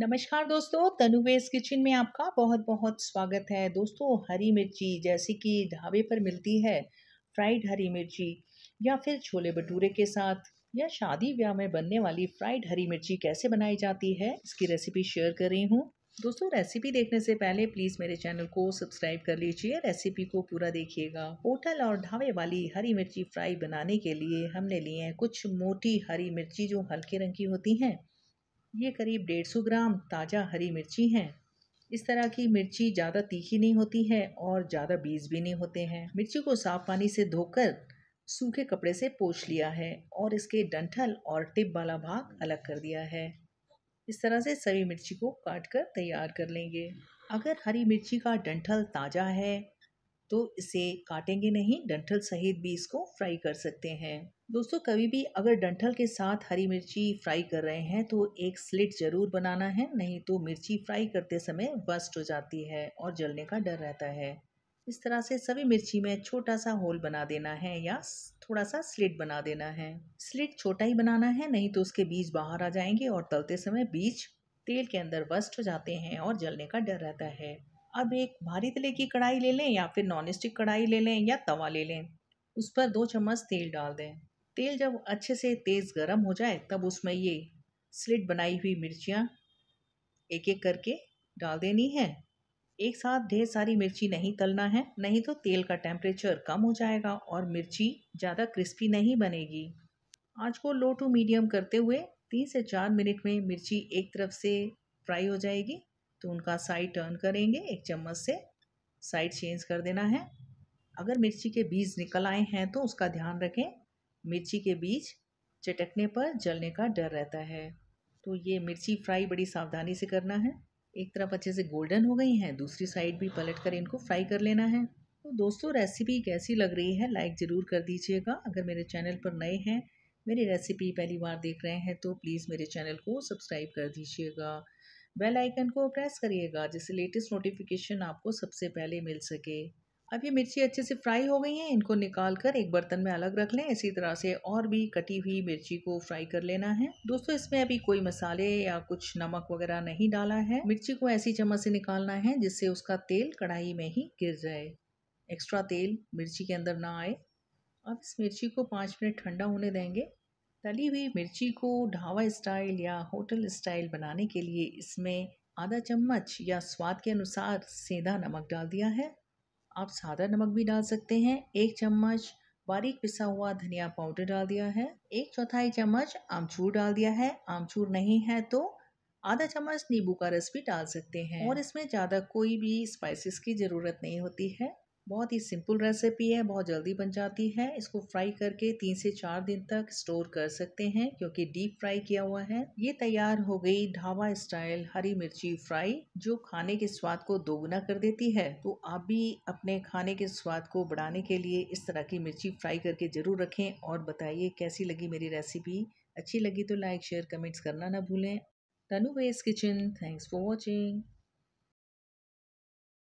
नमस्कार दोस्तों तनुवेज किचन में आपका बहुत बहुत स्वागत है दोस्तों हरी मिर्ची जैसे कि ढाबे पर मिलती है फ्राइड हरी मिर्ची या फिर छोले भटूरे के साथ या शादी ब्याह में बनने वाली फ्राइड हरी मिर्ची कैसे बनाई जाती है इसकी रेसिपी शेयर कर रही हूँ दोस्तों रेसिपी देखने से पहले प्लीज़ मेरे चैनल को सब्सक्राइब कर लीजिए रेसिपी को पूरा देखिएगा होटल और ढाबे वाली हरी मिर्ची फ्राई बनाने के लिए हमने लिए हैं कुछ मोटी हरी मिर्ची जो हल्के रंग की होती हैं ये करीब डेढ़ सौ ग्राम ताज़ा हरी मिर्ची हैं इस तरह की मिर्ची ज़्यादा तीखी नहीं होती है और ज़्यादा बीज भी नहीं होते हैं मिर्ची को साफ पानी से धोकर सूखे कपड़े से पोछ लिया है और इसके डंठल और टिप वाला भाग अलग कर दिया है इस तरह से सभी मिर्ची को काट कर तैयार कर लेंगे अगर हरी मिर्ची का डंठल ताज़ा है तो इसे काटेंगे नहीं डंठल सहित भी इसको फ्राई कर सकते हैं दोस्तों कभी भी अगर डंठल के साथ हरी मिर्ची फ्राई कर रहे हैं तो एक स्लिट ज़रूर बनाना है नहीं तो मिर्ची फ्राई करते समय बस्ट हो जाती है और जलने का डर रहता है इस तरह से सभी मिर्ची में छोटा सा होल बना देना है या थोड़ा सा स्लिट बना देना है स्लिट छोटा ही बनाना है नहीं तो उसके बीज बाहर आ जाएंगे और तलते समय बीज तेल के अंदर बस्ट हो जाते हैं और जलने का डर रहता है अब एक भारी तले की कढ़ाई ले लें या फिर नॉन स्टिक कढ़ाई ले लें या तवा ले लें उस पर दो चम्मच तेल डाल दें तेल जब अच्छे से तेज़ गर्म हो जाए तब उसमें ये स्लिट बनाई हुई मिर्चियाँ एक एक करके डाल देनी है एक साथ ढेर सारी मिर्ची नहीं तलना है नहीं तो तेल का टेम्परेचर कम हो जाएगा और मिर्ची ज़्यादा क्रिस्पी नहीं बनेगी आज को लो टू मीडियम करते हुए तीन से चार मिनट में मिर्ची एक तरफ से फ्राई हो जाएगी तो उनका साइड टर्न करेंगे एक चम्मच से साइड चेंज कर देना है अगर मिर्ची के बीज निकल आए हैं तो उसका ध्यान रखें मिर्ची के बीज चटकने पर जलने का डर रहता है तो ये मिर्ची फ्राई बड़ी सावधानी से करना है एक तरफ अच्छे से गोल्डन हो गई हैं दूसरी साइड भी पलट कर इनको फ्राई कर लेना है तो दोस्तों रेसिपी कैसी लग रही है लाइक ज़रूर कर दीजिएगा अगर मेरे चैनल पर नए हैं मेरी रेसिपी पहली बार देख रहे हैं तो प्लीज़ मेरे चैनल को सब्सक्राइब कर दीजिएगा बेल आइकन को प्रेस करिएगा जिससे लेटेस्ट नोटिफिकेशन आपको सबसे पहले मिल सके अब ये मिर्ची अच्छे से फ्राई हो गई हैं इनको निकाल कर एक बर्तन में अलग रख लें इसी तरह से और भी कटी हुई मिर्ची को फ्राई कर लेना है दोस्तों इसमें अभी कोई मसाले या कुछ नमक वगैरह नहीं डाला है मिर्ची को ऐसी चम्मच से निकालना है जिससे उसका तेल कढ़ाई में ही गिर जाए एक्स्ट्रा तेल मिर्ची के अंदर ना आए अब इस मिर्ची को पाँच मिनट ठंडा होने देंगे तली हुई मिर्ची को ढावा स्टाइल या होटल स्टाइल बनाने के लिए इसमें आधा चम्मच या स्वाद के अनुसार सेंधा नमक डाल दिया है आप सादा नमक भी डाल सकते हैं एक चम्मच बारीक पिसा हुआ धनिया पाउडर डाल दिया है एक चौथाई चम्मच आमचूर डाल दिया है आमचूर नहीं है तो आधा चम्मच नींबू का रस भी डाल सकते हैं और इसमें ज़्यादा कोई भी स्पाइसेस की ज़रूरत नहीं होती है बहुत ही सिंपल रेसिपी है बहुत जल्दी बन जाती है इसको फ्राई करके तीन से चार दिन तक स्टोर कर सकते हैं क्योंकि डीप फ्राई किया हुआ है ये तैयार हो गई ढाबा स्टाइल हरी मिर्ची फ्राई जो खाने के स्वाद को दोगुना कर देती है तो आप भी अपने खाने के स्वाद को बढ़ाने के लिए इस तरह की मिर्ची फ्राई करके ज़रूर रखें और बताइए कैसी लगी मेरी रेसिपी अच्छी लगी तो लाइक शेयर कमेंट्स करना ना भूलें तनु वेस किचन थैंक्स फॉर वॉचिंग